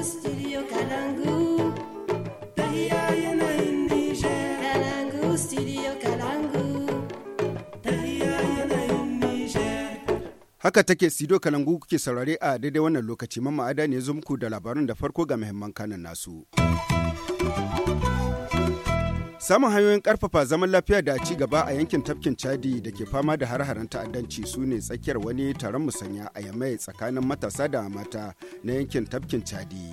Kalangu. Haka take sido Kalangu kuke saurare a daidai wannan lokaci mamma ada ne zo muku da labarin da farko ga muhimman kanan nasu. Samun hanyoyin karfafa zaman lafiya da ci gaba a yankin tafkin Chadi da ke fama da har-haren ta'addanci su ne tsakiyar wani taron musanya a yamai tsakanin matasa da mata na yankin tafkin Chadi.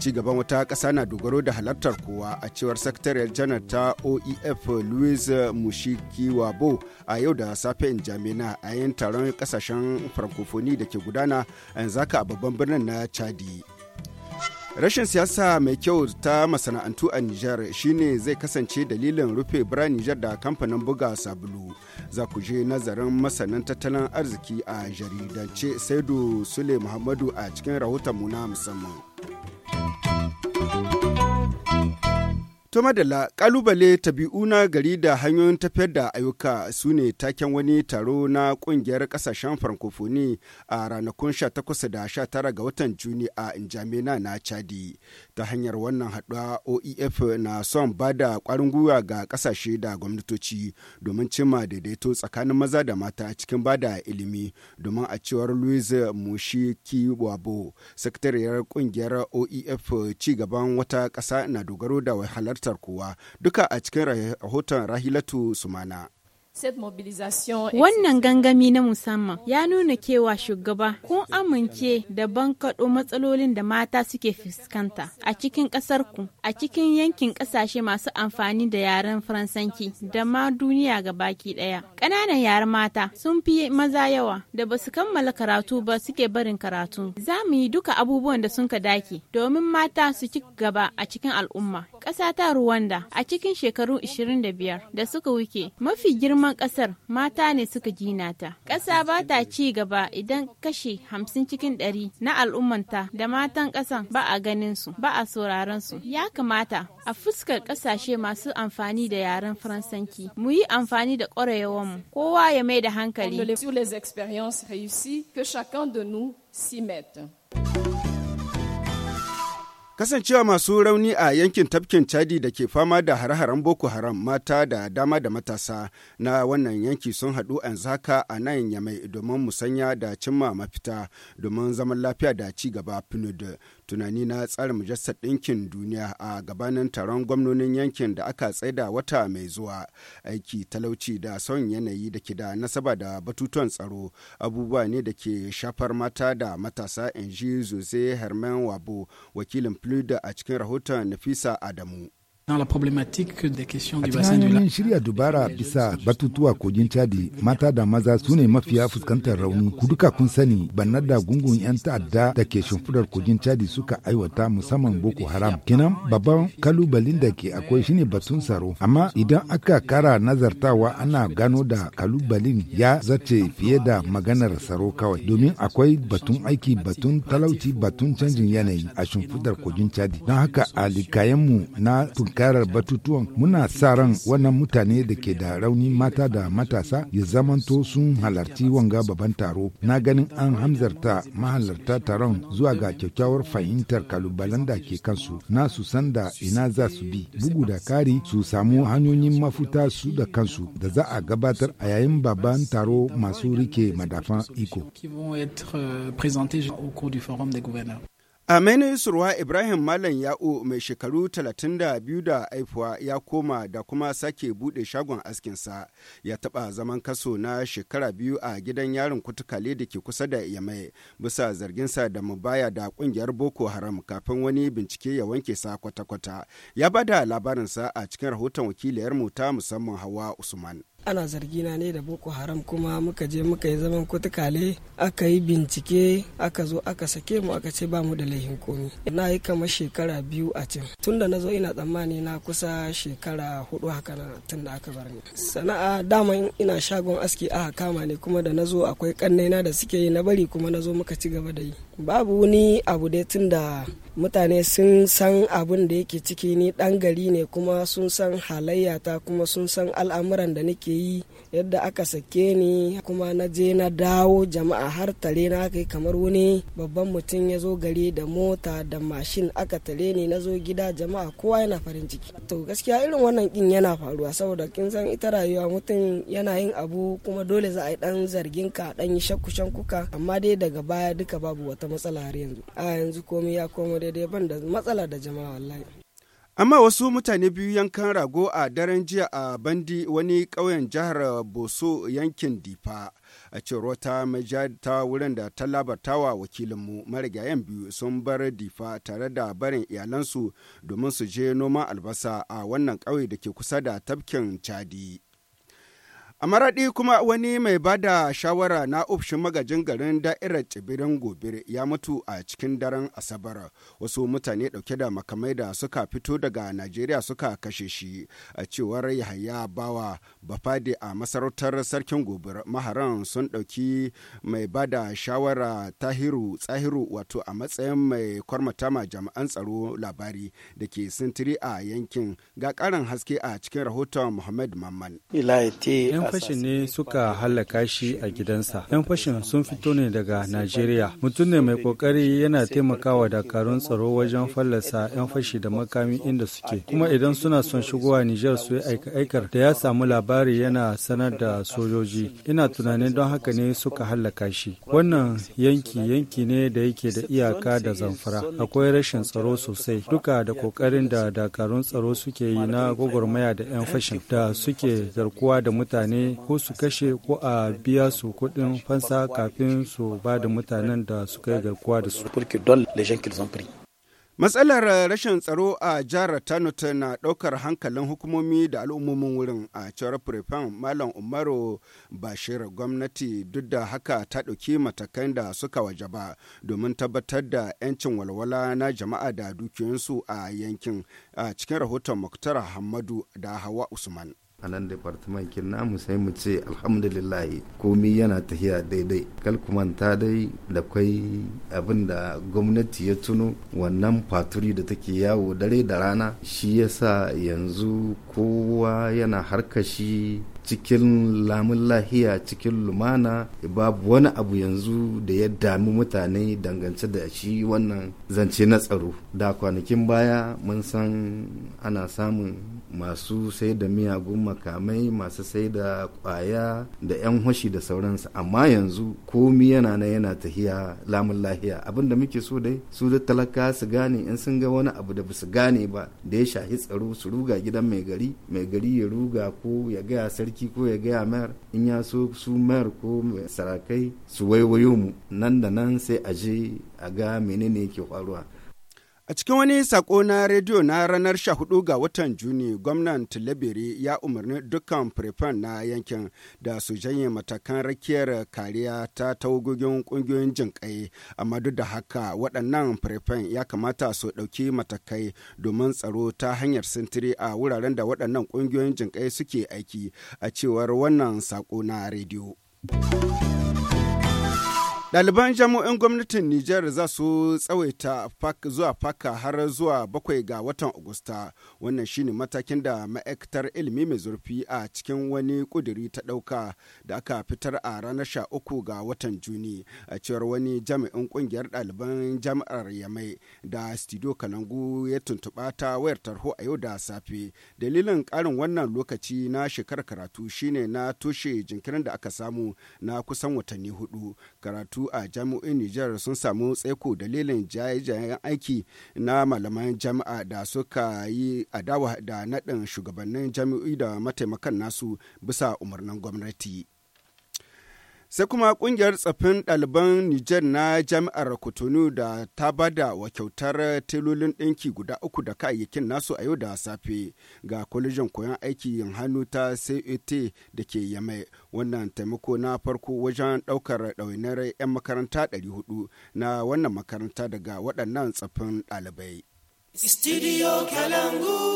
Ci gaban wata ƙasa na dogaro da halartar kowa a cewar sakatariyar janar ta OEF Louis Mushikiwabo a yau da safe in Jamina a yin taron kasashen francophonie da ke gudana a yanzu haka a babban birnin na Chadi. Rashin siyasa mai kyau ta masana'antu a Nijar shine zai kasance dalilin rufe bira Nijar da kamfanin buga sabulu. Za ku je nazarin masanan tattalin arziki a jaridance Saidu Sule Muhammadu a cikin rahoton mu na musamman. To madalla kalubale tabi'u na gari da hanyoyin tafiyar da ayyuka su ne taken wani taro na kungiyar kasashen francophonie a ranakun 18 da 19 ga watan Juni a Njamena na Chadi. Ta hanyar wannan haɗuwa OEF na son ba da ƙwarin gwiwa ga kasashe da gwamnatoci domin cimma daidaito tsakanin maza da mata cikin ba da ilimi domin a cewar Louise Mushiki Wabo, sakatariyar kungiyar OEF ci gaban wata ƙasa na dogaro da halarta rajistar kowa duka a cikin rahoton rahilatu sumana. Wannan gangami na musamman ya nuna kewa shugaba kun amince da bankaɗo matsalolin da mata suke fuskanta a cikin ƙasarku, a cikin yankin ƙasashe masu amfani da yaren faransanki da ma duniya ga baki ɗaya. ƙananan yaran mata sun fi maza yawa da ba su kammala karatu ba suke barin karatu. Za mu yi duka abubuwan da sun ka dake domin mata su ci gaba a cikin al'umma. Ƙasa ta Ruwanda a cikin shekaru 25 da suka wuke mafi girman ƙasar mata ne suka gina ta. Ƙasa ba ta ci gaba idan kashe hamsin cikin ɗari na al'ummanta da matan ƙasan ba a ganin su ba a sauraron su. Ya kamata a fuskar ƙasashe masu amfani da yaren Faransanci mu yi amfani da ƙwarewanmu kowa ya mai da hankali Kasancewa masu rauni a yankin tafkin Chadi da ke fama da hare-haren Boko Haram mata da dama da matasa na wannan yanki sun haɗu an zaka a nan yamai domin musanya da cimma mafita domin zaman lafiya da ci gaba tunani na tsara majalisar ɗinkin duniya a gabanin taron gwamnonin yankin da aka tsaida wata mai zuwa aiki talauci da son yanayi da ke da nasaba da batutuwan tsaro abubuwa ne da ke shafar mata da matasa in ji jose herman wabo wakilin pluda a cikin rahoton nafisa adamu A du lac. shirya dubara bisa batutuwa kogin Chadi, mata da maza su ne mafiya fuskantar rauni. kuduka kun sani, bannar da gungun 'yan ta'adda da ke shimfidar kogin Chadi suka aiwata musamman Boko Haram. Kinan babban kalubalin da ke akwai shine batun tsaro. Amma idan aka kara nazartawa ana gano da kalubalin ya zace fiye da maganar tsaro kawai. Domin akwai batun aiki, batun talauci, batun canjin yanayi a shimfidar kogin Chadi. Don haka a mu na tunkarar batutuwan muna sa ran wannan mutane da ke da rauni mata da matasa ya zamanto sun halarci wanga babban taro na ganin an hamzarta mahalarta taron zuwa ga kyakkyawar fahimtar kalubalen da ke kansu na su san da ina za su bi bugu da kari su samu hanyoyin mafuta su da kansu da za a gabatar a yayin babban taro masu rike madafan iko. Aminu Surwa Ibrahim Malam Ya'u mai shekaru 32 da aifuwa ya koma da kuma sake buɗe shagon askinsa ya taɓa zaman kaso na shekara biyu a gidan yarin kutukale da ke kusa da Yamai bisa zarginsa da mubaya da ƙungiyar Boko Haram kafin wani bincike ya wanke sa kwata-kwata. Ya bada labarinsa a cikin rahoton wakiliyar mu ta musamman Hawa Usman. ana zargi na ne da boko haram kuma muka je muka yi zaman kutukale aka yi bincike aka zo aka sake mu aka ce ba mu da laihin komi na yi kamar shekara biyu a can tun da na zo ina tsammani na kusa shekara hudu haka na tun da aka bar ni sana'a dama ina shagon aski aka kama ne kuma da na zo akwai kannena da suke yi na bari kuma na zo muka ci gaba da yi babu wani abu da tun da mutane sun san abin da yake ciki ni dan gari ne kuma sun san halayyata kuma sun san al'amuran da nake yi yadda aka sake ni kuma na je na dawo jama'a har tare na kai kamar wani babban mutum ya zo gari da mota da mashin aka tare ni na zo gida jama'a kowa yana farin ciki to gaskiya irin wannan kin yana faruwa saboda kin san ita rayuwa mutum yana yin abu kuma dole za a yi dan zargin ka dan yi shakku shankuka amma dai daga baya duka babu wata wata matsala har yanzu a yanzu komai ya koma daidai ban da matsala da jama'a wallahi amma wasu mutane biyu yankan rago a daren jiya a bandi wani ƙauyen jihar boso yankin difa a cewar ta ta wurin da ta wa wakilinmu marigayen biyu sun bar difa tare da barin iyalansu domin su je noman albasa a wannan ƙauye da ke kusa da tafkin chadi A kuma wani mai ba da shawara na ofishin magajin garin da'irar tsibirin gobe ya mutu a cikin daren Asabar. Wasu mutane dauke da makamai da suka fito daga Najeriya suka kashe shi a cewar Yahaya Bawa Bafade a masarautar sarkin gobe Maharan sun dauki mai ba da shawara Tahiru Tsahiru wato a matsayin mai kwarmata ma jami'an tsaro labari da ke sintiri a yankin ga karin haske a cikin rahoton Muhammad Mamman. 'yan fashin ne suka halaka shi a gidansa. 'Yan fashin sun fito ne daga Najeriya. Mutum ne mai kokari yana taimakawa dakarun tsaro wajen fallasa 'yan fashi da makami inda suke. Kuma idan suna son shigowa Nijar su yi aika-aikar da ya samu labari yana sanar da sojoji. Ina tunanin don haka ne suka halaka shi. Wannan yanki yanki ne da yake da iyaka da zamfara. Akwai rashin tsaro sosai. Duka da kokarin da dakarun tsaro suke yi na gwagwarmaya da 'yan fashin da suke zarkuwa da mutane mutane ko su kashe ko a biya su kuɗin fansa kafin su ba da mutanen da suka yi garkuwa da su. Matsalar rashin tsaro a jihar Tano na ɗaukar hankalin hukumomi da al'ummomin wurin a cewar Prefan Malam Umaru Bashir gwamnati duk da haka ta ɗauki matakan da suka wajaba domin tabbatar da 'yancin walwala na jama'a da dukiyoyinsu a yankin a cikin rahoton Muktar Hamadu da Hawa Usman. a nan departamentin namu sai mu ce alhamdulillah komi yana tafiya daidai kalkumanta dai da kwai abin da gwamnati ya tuno wannan faturi da take yawo dare da rana shi yasa yanzu kowa yana harkashi cikin lamun lahiya cikin lumana babu wani abu yanzu da ya dami mutane dangance da shi wannan zance na tsaro da kwanakin baya mun san ana samun masu sai da miyagun makamai masu sai da kwaya da 'yan hoshi da sauransu amma yanzu komi yana na yana tahiya lamun lahiya abin da muke so dai su da talaka su gane in sun ga wani abu da ba su gane ba da ya shahi tsaro su ruga gidan mai gari mai gari ya ruga ko ya gaya sarki ko ya gaya mayar in ya so su mayar ko sarakai su waiwayo mu nan da nan sai a je a ga menene yake faruwa A cikin wani sako na rediyo na ranar 14 ga watan Juni, gwamnan Tilabiri ya umarni dukkan firfan na yankin da su janye matakan rakiyar kariya ta tawagogin kungiyoyin jinƙai. Amma duk da haka waɗannan firfan ya kamata su ɗauki matakai domin tsaro ta hanyar sintiri a wuraren da waɗannan kungiyoyin jinƙai suke aiki a cewar wannan sako na rediyo. daliban jami'in gwamnatin Nijar za su tsawaita zuwa faka har zuwa bakwai ga watan Agusta. Wannan shine matakin da ma'aikatar ilimi mai zurfi a cikin wani ƙuduri ta ɗauka da aka fitar a ranar sha uku ga watan Juni a cewar wani jami'in ƙungiyar ɗaliban jami'ar Yamai da Studio Kalangu ya tuntuɓa ta wayar tarho a yau da safe. Dalilin ƙarin wannan lokaci na shekarar karatu shine na toshe jinkirin da aka samu na kusan watanni hudu. Karatu karatu a jami'o'in Nijar sun samu tsaiko dalilin jaye-jayen aiki na malaman jami'a da suka yi adawa da naɗin shugabannin jami'o'i da mataimakan nasu bisa umarnin gwamnati. sai kuma kungiyar tsafin ɗaliban Nijar na jami'ar Kotonu da ta bada wa kyautar tilolin ɗinki guda uku da kayayyakin nasu a yau da safe ga kwalejin koyon aikin hannu ta CET da ke Yamai. Wannan taimako na farko wajen ɗaukar ɗauniyar 'yan makaranta 400 na wannan makaranta daga waɗannan tsafin ɗalibai. Studio Kalangu.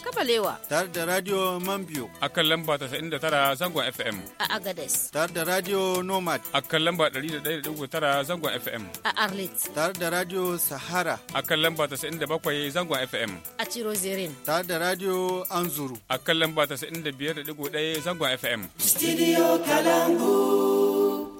Kabalewa. Tare da Radio Mambio. A kan lamba tara zangon FM. A Agades. Tare da Radio Nomad. A kan lamba tara zangon FM. A Arlit. Tare da Radio Sahara. A kan lamba bakwai zangon FM. A zirin. Tare da Radio Anzuru. A kan lamba biyar 95.1 zangon FM. Studio Kalangu.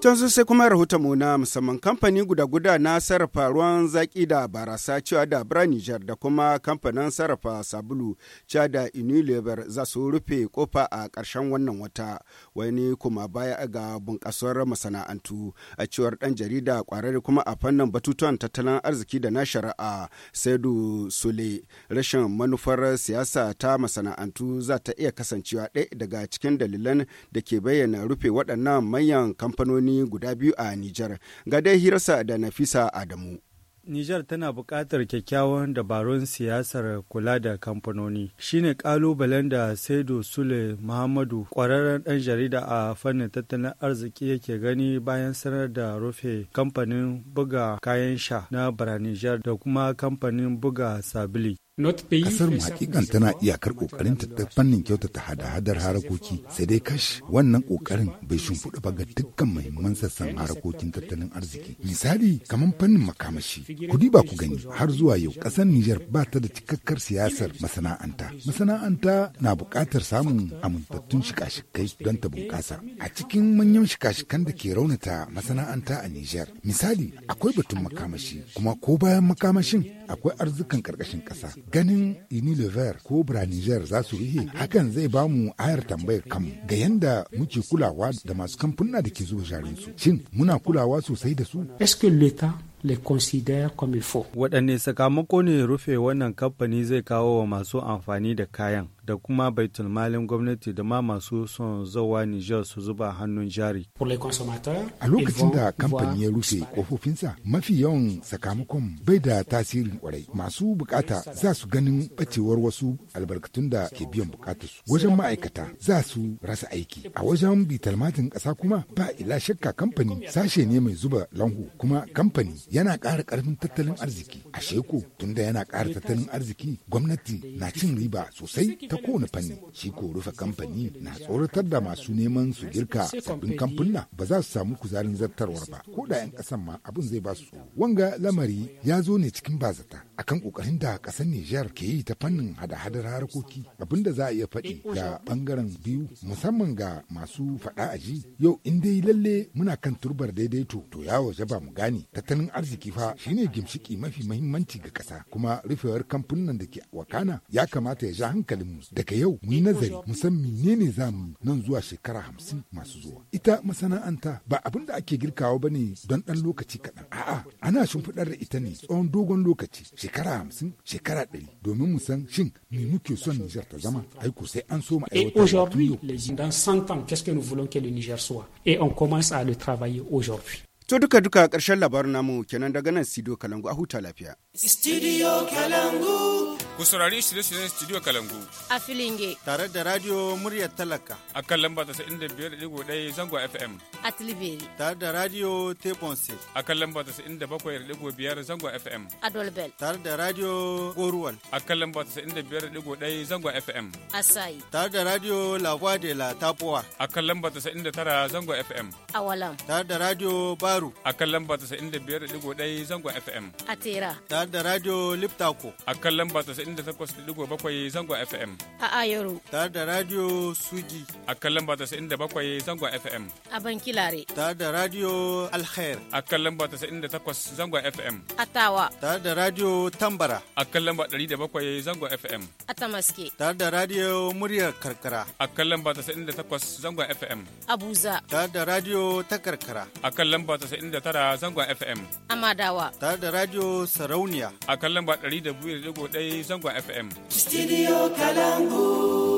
Can sai kuma rahoton mu na musamman kamfani guda-guda na sarrafa ruwan zaki da barasa cewa da bira Nijar da kuma kamfanin sarrafa sabulu cewa da Unilever za su rufe kofa a ƙarshen wannan wata wani kuma baya ga bunƙasar masana'antu a cewar ɗan jarida ƙwararre kuma a fannin batutuwan tattalin arziki da na shari'a Saidu Sule rashin manufar siyasa ta masana'antu za ta iya kasancewa ɗaya daga cikin dalilan da ke bayyana rufe waɗannan manyan kamfanoni birni guda biyu a Nijar. Ga dai hirarsa da Nafisa Adamu. Nijar tana buƙatar kyakkyawan dabarun siyasar kula da kamfanoni. Shine ƙalubalen da Saido Sule Muhammadu ƙwararren ɗan jarida a fannin tattalin arziki yake gani bayan sanar da rufe kamfanin buga kayan sha na baranijar da kuma kamfanin buga sabili. Kasar mu hakikan tana iyakar kokarin ta ta fannin kyautata hada-hadar harakoki sai dai kash wannan kokarin bai shimfiɗa ba ga dukkan muhimman sassan harakokin tattalin arziki. Misali kamar fannin makamashi kudi ba ku gani har zuwa yau kasar Nijar ba ta da cikakkar siyasar masana'anta. Masana'anta na buƙatar samun amintattun shika-shikai don ta bunƙasa. A cikin manyan shika-shikan da ke raunata masana'anta a Nijar misali akwai batun makamashi kuma ko bayan makamashin akwai arzikan ƙarƙashin ƙasa ganin Unilever ko Braniger za su rihe hakan zai ba mu ayar tambayar kanmu ga yanda muke kulawa da masu kamfuna da ke zuba jarinsu. Shin muna kulawa sosai da su? le considère comme il faut. Waɗanne sakamako ne rufe wannan kamfani zai kawo wa masu amfani da kayan? da kuma baitul malin gwamnati da ma masu son zawa Nijar su zuba hannun jari. A lokacin da kamfani ya rufe kofofinsa mafi yawan sakamakon bai da tasirin kwarai masu bukata za su ganin bacewar wasu albarkatun da ke biyan su. wajen ma'aikata za su rasa aiki a wajen bitalmatin ƙasa kuma ba ila shakka kamfani sashe ne mai zuba lanhu kuma kamfani yana ƙara ƙarfin tattalin arziki a sheku tunda yana ƙara tattalin arziki gwamnati na cin riba sosai ta kowane fanni shi ko rufe kamfani na tsoratar da masu neman su girka sabbin kamfuna ba za su samu kuzarin zartarwar ba ko da 'yan kasan ma abin zai ba su tsoro wanga lamari ya zo ne cikin bazata akan kokarin da kasan Nijar ke yi ta fannin hada-hadar harkoki da za a iya faɗi ga bangaren biyu musamman ga masu faɗa a ji. yau in dai lalle muna kan turbar daidaito to ya waje ba mu gane tattalin arziki fa shine gimshiki mafi mahimmanci ga ƙasa kuma rufewar kamfunan da ke wakana ya kamata ya ja mu. Daga yau mu yi nazari mu san menene za mu nan zuwa shekara hamsin masu zuwa. Ita masana'anta ba abin da ake girkawa ba ne don ɗan lokaci kaɗan. A'a, ana shimfiɗar da ita ne tsawon dogon lokaci, shekara hamsin, shekara ɗari, domin mu san shin me muke son Nijar ta zama. Aiko sai an so ma aiwatar da dans 100 ans, To duka duka ƙarshen labarin namu kenan daga nan sido Kalangu a huta lafiya. Studio Kalangu. Ku saurari shirye-shiryen Studio Kalangu. A Filinge. Tare da Radio Muryar Talaka. A kan lamba ta da biyar ɗaya zango FM. A Tilibiri. Tare da Radio Tebonse. A kan lamba ta da bakwai biyar zango FM. A Dolbel. Tare da Radio Goruwal. A kan lamba ta da biyar ɗaya zango FM. A Sai. Tare da Radio Lagwa de la Tapuwa. A kan lamba ta tara zango FM. A Walam. Tare da Radio Baru. A kan lamba ta da biyar ɗaya zango FM. A Tera. Tare da Radio Liptako. A kan lamba ta 98.7 zangon FM. A Ayoro. Tare da Radio Sugi. A kan lamba 97 zangon FM. A Bankilare. Tare da Radio Alkhair. A kan lamba takwas zangon FM. A Tawa. Tare da Radio Tambara. A kan lamba bakwai zangon FM. A Tamaske. Tare da Radio Muryar Karkara. A kan lamba takwas zangon FM. A Buza. Tare da Radio ta Karkara. A kan lamba tara zangon FM. A Madawa. Tare da Radio Sarauniya. A kan lamba ɗaya. zangon FM. Studio Kalangu.